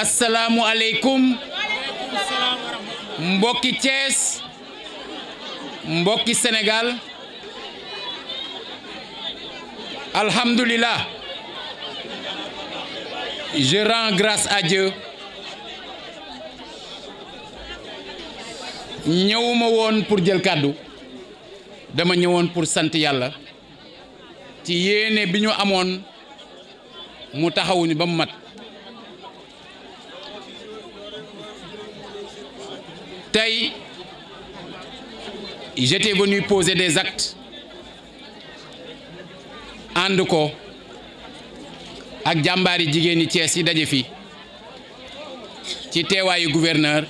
asalaamualeykum mbokki Thiès mbokki Sénégal alhamdulillah je rends grâce à ñëwuma woon pour jël kàddu dama ñëwoon pour sant yàlla ci yéene bi ñu amoon mu taxawuñu ba mu mat tey j'étais venu poser des actes ànd ko ak jàmbaari jigéen ñi Cees yi daje fi ci teewaayu gouverneur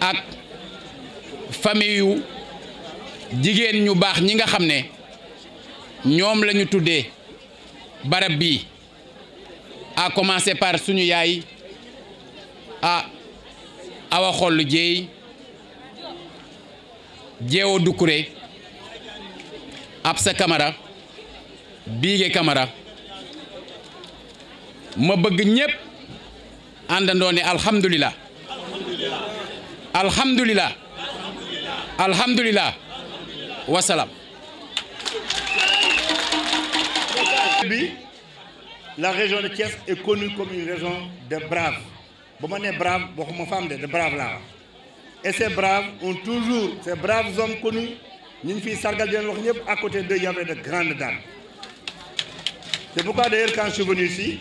ak famille jigéen ñu baax ñi nga xam ne ñoom lañu tuddee barab bi à commencer par suñu yaay ah awa xollu jeey jeewo dukkure absa kamara biige kamara ma bëgg ñépp àndandoon ne alhamdulilah alhamdulilah alhamdulilah wasalaam ba ma nee brave waxuma femme de de brave laa wax et ces braves ont toujours ces braves hommes connus ñu ngi fiy sargal di leen wax ñëpp a côté d'eux y avait de grandes dames bu ko d'ailleurs quand je suis venu ici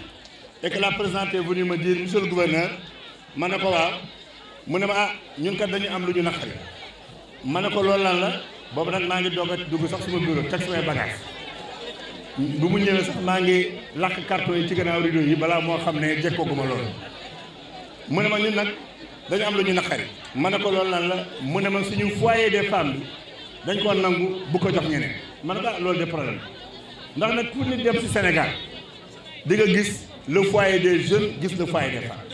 et que la présidente est venue ma dire monsieur le gouverneur ma ne ko waaw mu ne ma ah ñun kat dañu am lu ñu naqari ma ne ko loolu lan la boobu nag naa ngi doog a dugg sax suma bureau teg samay bagage bu mu ñëwee sax maa ngi lakk carton yi ci gannaaw rideau yi balaa moo xam ne jekkoo gu mu ne ma ñun nag dañu am lu ñu naqari ma ne ko loolu lan la mu ne ma suñu foyer des femmes bi dañ koo nangu bu ko jox ñeneen ma ne ah loolu de problème ndax nag ku nit dem si Sénégal di nga gis le foyer des jeunes gis le foyer des femmes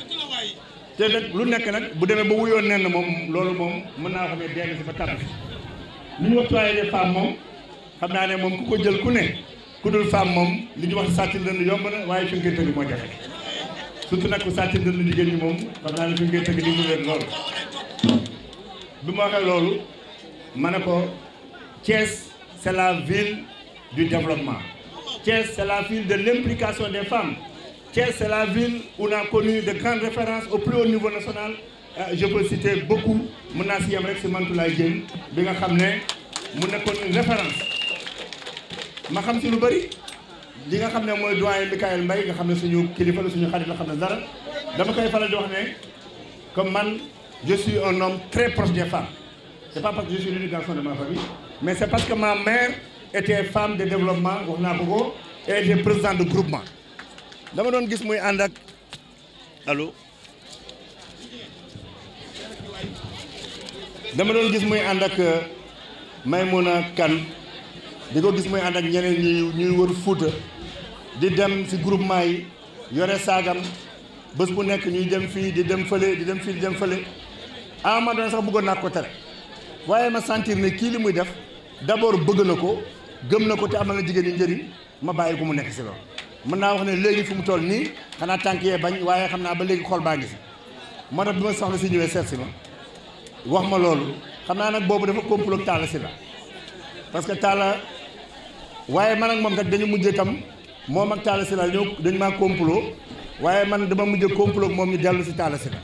te lu nekk nag bu demee ba wuyoon nen moom loolu moom mën naa wax ne dégg si fa tàpp si lu ñu wax foyer des femmes moom xam naa ne moom ku ko jël ku ne ku dul femme moom li ñu wax sàcc leen yomb na waaye fi nga koy tënk moo jafe surtout nag bu sàcc dënnu jigéen ñi moom xam naa ne fi di mu leen lool bi ma loolu ma ne ko Thiès c'est la ville du développement Thiès c'est la ville de l'implication des femmes Thiès c'est la ville où on a de grandes références au plus haut niveau national euh, je peux citer beaucoup mën naa si yem rek si Mantoulaye Diène bi nga xam ne mu nekkoon référence ma xam si lu bëri li nga xam ne mooy doyen Mikaël Mbaye nga xam ne suñu kilifa la suñu xarit la xam ne dara dama koy faral di wax ne comme man je suis un homme très proche des femmes c'est pas parce que je suis l'unique garçon de ma famille mais c'est parce que ma mère était femme de développement wax naa ko ko et était présidente de groupement dama doon gis muy ànd ak allo dama doon gis muy ànd ak euh, Maymouna Kane di ko gis muy ànd ak ñeneen ñuy ñuy wër Fuuta di dem si groupement yi yore saagam bés bu nekk ñuy dem fii di dem fële di dem fii di dem fële à sax bëggoon naa ko tere waaye ma sentir ne kii li muy def d'abord bëgg na ko gëm na ko te amal na jigéen ñi ma bàyyi ko mu nekk si loolu. mën naa wax ne léegi fi mu toll nii xanaa tànk yee bañ waaye xam naa ba léegi xool baa ngi si moo tax bi ma soxla si ñëwee seet si ma wax ma loolu xam naa nag boobu dafa complot Talla Sylla waaye man nag moom kat dañu mujjee tam moom ak Talla Sylla ñoo dañu maa complot waaye man dama mujjee complot moom ñu dellu si Talla Sylla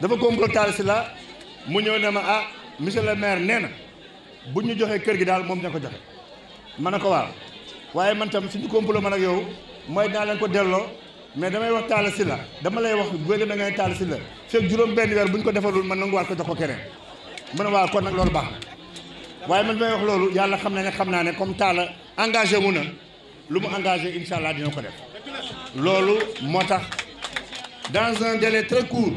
dafa complot Talla Sylla mu ñëw ne ma ah monsieur le maire nee na bu ñu joxee kër gi daal moom ña ko joxe ma ne ko waaw waaye man tam suñu complot ma ak yow mooy naa leen ko delloo mais damay wax si la dama lay wax bëgg na ngay Talla Sylla fekk juróom benn weer bu ñu ko defarul man nanguwaat ko jox ko keneen mu ne waaw kon nag loolu baax waaye man may wax loolu yàlla xam na ne xam naa ne comme Talla engagé wu na lu mu engagé incha allah dina ko def loolu moo tax dans un délai très court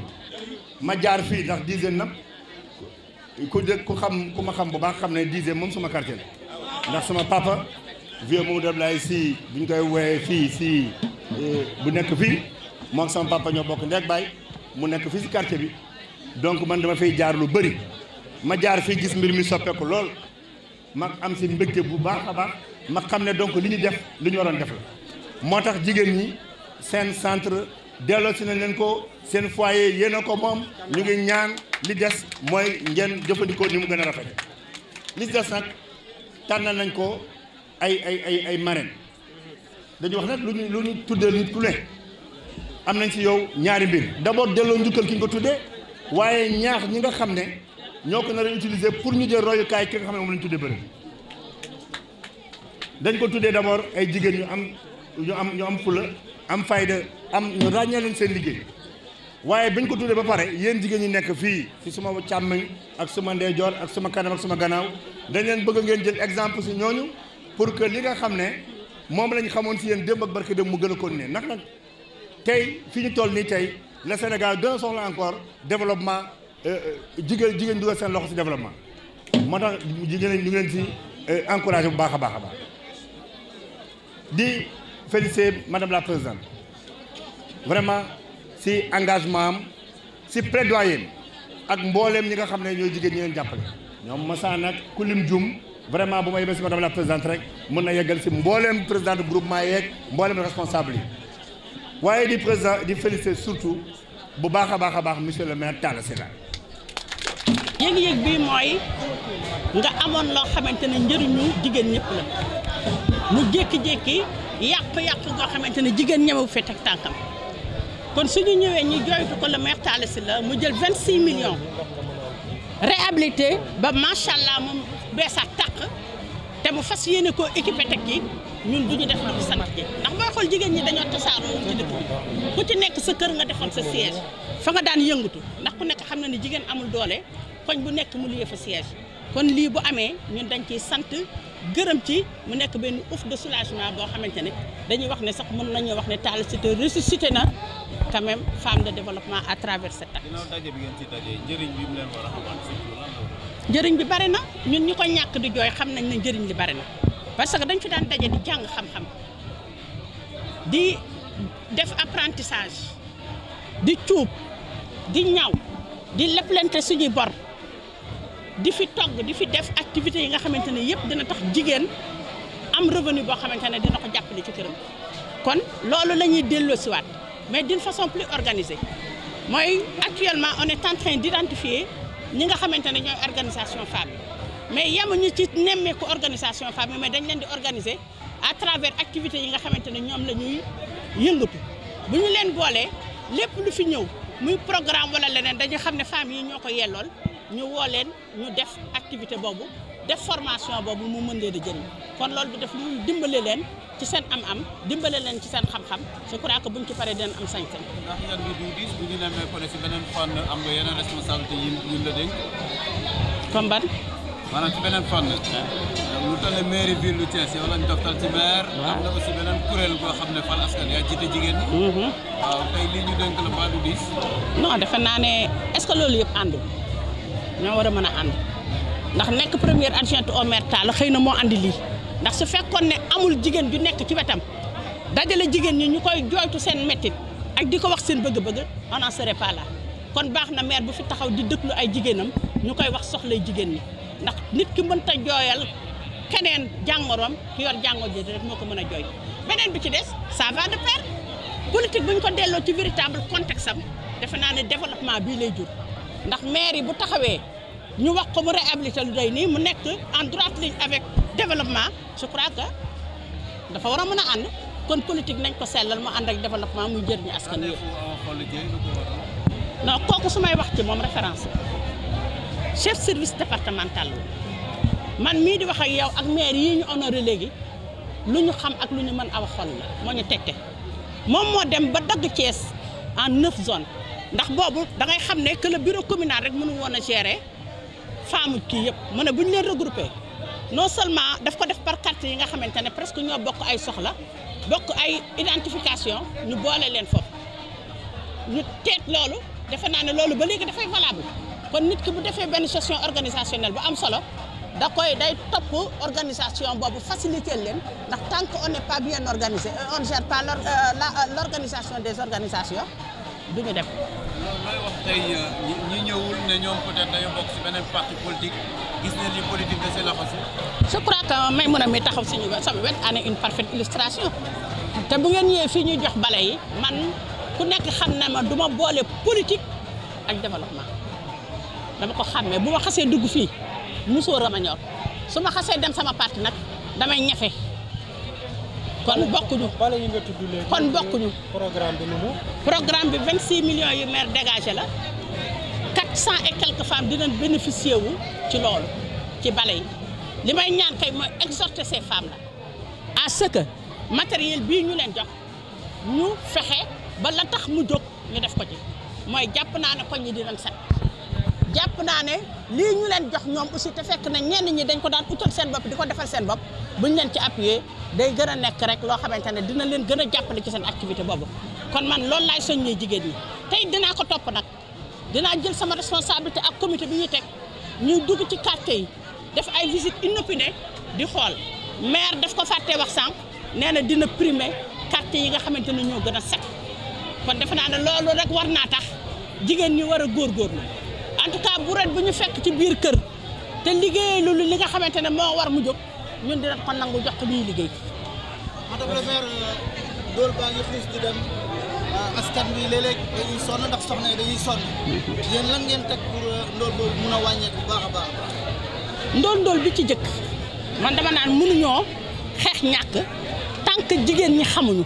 ma jaar fii ndax dizaine nag ku dë ku xam ku ma xam bu baax xam ne dizaine moom suma quartier ndax suma papa vieux Maodo Abdoulaye si bu ñu koy woyee fii si eh, bu nekk fii moom sama papa ñoo bokk ndeeg baay mu nekk fii si quartier bi donc man dama fay jaar lu bari ma jaar fi gis mbir mi soppeeku lool ma am si mbégte bu baax a baax ma xam ne donc li ñu def li ñu waroon def la moo tax jigéen ñi seen centre delloo si nañ leen ko seen foyer yéen a ko moom ñu ngi ñaan li des mooy ngeen jëfandikoo ni mu gën a rafet li des nag tànnal nañ ko ay ay ay ay marraines dañu wax nag lu ñu lu ñu tuddee nit ku ne am nañ si yow ñaari mbir d'abord delloo njukkal ki nga ko tuddee waaye ñaax ñi nga xam ne ñoo ko nar a pour ñu jël royukaay ki nga xam ne moom la ñu tuddee bëri dañ ko tuddee d'abord ay jigéen ñu am ñu am ñu am fula am fayda am ñu ràññee leen seen liggéey waaye bañ ko tuddee ba pare yéen jigéen ñi nekk fii ci suma càmmiñ ak suma ndeyjoor ak suma kanam ak suma gannaaw dañ leen bëgg ngeen jël exemple ci ñooñu pour que li nga xam ne moom lañ xamoon ci yéen démb ak barke dem mu gën a continuer ndax nag tey fii ñu toll nii tey la Sénégal gën a encore développement Eh, eh, jigéen jigéen dugal seen loxo si développement moo tax jigéen ñu ngi leen si encouragé bu baax a baax a baax di féliciter madame la présidente vraiment si engagement am si plaidoyer ak mbooleem ñi nga xam ne ñooy jigéen ñi leen jàppale ñoom Massa nag kulim jum vraiment bu ma yemee si madame la présidente rek mën na yeggal si mbooleem président groupement yeeg mbooleem responsable yi waaye di président di féliciter surtout bu baax a baax a baax monsieur le maire Talla Sylla yëg-yëg bi mooy nga amoon loo xamante ne njëriñu jigéen ñëpp la mu jékki-jékki yàq-yàq goo xamante ne jigéen ñemewu fi teg tànkam kon suñu ñëwee ñu jooytu ko la maire Talla Sylla mu jël 26 millions réhabilité ba macha allah moom beesaat tàq te mu fas yéene ko équipé teg ki ñun du ñu def lu sant ji ndax booy xool jigéen ñi dañoo tasaaroo ci dëkk bi ku ci nekk sa kër nga defoon sa siège fa nga daan yëngatu ndax ku nekk xam na ne jigéen amul doole. koñ bu nekk mu liyee fa kon lii bu amee ñun dañ ciy sant gërëm ci mu nekk benn ouf de soulagement boo xamante ne dañuy wax ne sax mën nañoo wax ne Talla Cité ressuscité na quand même femme de développement à travers cet acte. ginnaaw daje bi ngeen bari na ñun ñu ko ñàkk di jooy xam nañ ne njëriñ li bari parce que dañ fi daan daje di jàng xam-xam di def apprentissage di cuub di ñaw di leplante suñuy bor. di fi togg di fi def activités yi nga xamante ne yëpp dina tax jigéen am revenu boo xamante ne dina ko jàppale ci këram kon loolu la ñuy delloosiwaat mais d'une façon plus organisée mooy actuellement on est en ñi nga xamante ne ñooy organisation femmes mais yemuñu ci nemmeeku organisation femmes mais dañ leen di organiser à travers activités yi nga xamante ne ñoom la ñuy yëngatu bu ñu leen boolee lépp lu fi ñëw muy programme wala leneen dañu xam ne femmes yi ñoo ko yellool ñu woo leen ñu def activité boobu def formation boobu mu mën leen a jën kon loolu bi def lu dimbale leen ci seen am-am dimbale leen ci seen xam-xam je crois buñ ci paree dinañ am sañ-sañ. ndax yan nga du diis bu ñu demee kon si beneen fànn am nga yeneen responsabilité ban. maanaam ci beneen fànn. lu ne mairie biir lu Thiès yow lañ doftal ci maire. am na aussi beneen kuréel boo xam ne Fal Askan yaa jiite jigéen ñi. Mm-hmm. waaw tey lii ñu dénk la mbaa du diis. non defe naa ne est-ce que loolu yëpp àndul. ñoo war a mën a ànd ndax nekk première adjointe au maire Talla xëy na moo andi lii ndax su fekkoon ne amul jigéen ju nekk ci wetam dajale jigéen ñi ñu koy jooytu seen mettit ak di ko wax seen bëgg-bëgg on n'en kon baax na maire bu fi taxaw di déglu ay jigéenam ñu koy wax soxlay jigéen ñi ndax nit ki mënta jooyal keneen jàngoroom ki yor jàngoro ji rek moo ko mën a jooy beneen bi ci des ça va de pair politique bu ñu ko delloo ci véritable contexte am defe naa ne développement bii lay jur ndax maire yi bu taxawee. ñu wax ko mu réhabilité lu day nii mu nekk en droite ligne avec développement je crois que dafa war a mën a ànd kon politique nañ ko sellal mu ànd ak développement muy jëriñu askan wi non kooku su may wax ci moom référence chef service départemental man mii di wax ak yow ak maire yi ñu honoré léegi lu ñu xam ak lu ñu mën aw xol la moo ñu tegte moom moo dem ba dagg Thiès en neuf zones ndax boobu da ngay xam ne que le bureau communal rek mënu woon a gérer femme kii yëpp mu ne bu ñu leen regroupé non seulement daf ko def par quartier yi nga xamante ne presque ñoo bokk ay soxla bokk ay identification ñu boole leen foofu ñu teet loolu defe naa ne loolu ba léegi dafay valable kon nit ki bu defee benn gestion organisationnelle bu am solo da koy day topp organisation boobu faciliter leen ndax tant que on n'est pas bien organisé euh, on ne gère pas euh, euh, l'organisation des organisations du def tey euh, ñi ñëwul ne ñoom peut-être dañoo bokk ci beneen parti politique gis nañ ni politique da si laxasu je crois que may mën a mi taxaw si ñu sama wet année une parfaite illustration te bu ngeen ñëwee fii ñuy jox bale yi man ku nekk xam ne ma du boole politique ak développement dama ko xàmmee bu ma xasee dugg fii musoo rama ñor su ma xasee dem sama parti nag damay ñafe kon bokkuñu kon bokkuñu programme bi mu programme bi 26 millions yu maire dégagé la 400 et quelques femmes dinañ bénéficier wu ci loolu ci bale yi li may ñaan kay mooy exhorter ces femmes là à ce matériel bii ñu leen jox ñu fexe ba la tax mu jóg ñu def ko ci mooy jàpp naa ne koñ ñi dinañ set jàpp naa ne lii ñu leen jox ñoom aussi te fekk na ñenn ñi dañ ko daan utal seen bopp di ko defal seen bopp buñ leen ci appuyer day gën a nekk rek loo xamante ne dina leen gën a jàppale ci seen activité boobu kon man loolu laay soññee jigéen ñi tey dinaa ko topp nag dinaa jël sama responsabilité ak comité bi ñuy teg ñu dugg ci quartier yi def ay visite inopinée di xool maire daf ko fàttee wax sànq nee na dina primer quartier yi nga xamante ne ñoo gën a set kon defe naa ne loolu rek war naa tax jigéen ñi war a góor en tout cas bu ret bu ñu fekk ci biir kër te liggéeyee loolu li nga xamante ne moo war mu jóg ñun dinañ ko nangu jox ko ñuy liggéey. madame le maire euh, Dóor baa ngi xuus dem euh, askan bi léeg-léeg dañuy sonn ndax soxna yi dañuy sonn yéen lan ngeen teg euh, ndóol boobu mun a wàññeeku bu baax a baax. ndóol ndóol bi ci jëkk man dama naan mënuñoo xeex ñàkk tant jigéen ñi xamuñu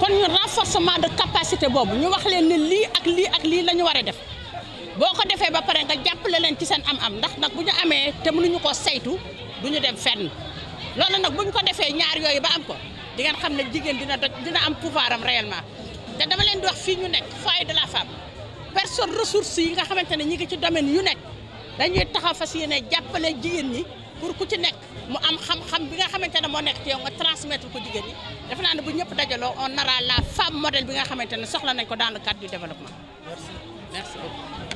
kon ñu renforcement de capacité boobu ñu wax leen lii ak lii ak lii la ñu war def boo ko defee ba pare nga jàppale leen ci seen am-am ndax nag bu ñu amee te mënuñu koo saytu. du ñu dem fenn loolu nag bu ñu ko defee ñaar yooyu ba am ko di ngeen xam ne jigéen dina doj dina am pouvoir am réellement te dama leen di wax fii ñu nekk foyer de la femme personne ressource yi nga xamante ne ñi ngi ci domaine yu nekk dañuy taxaw fas yéene jàppale jigéen ñi pour ku ci nekk mu am xam-xam bi nga xamante ne moo nekk ci yow nga transmettre ko jigéen ñi def naa ne bu ñëpp dajaloo on aura la femme modèle bi nga xamante ne soxla nañ ko daan le cadre du développement merci merci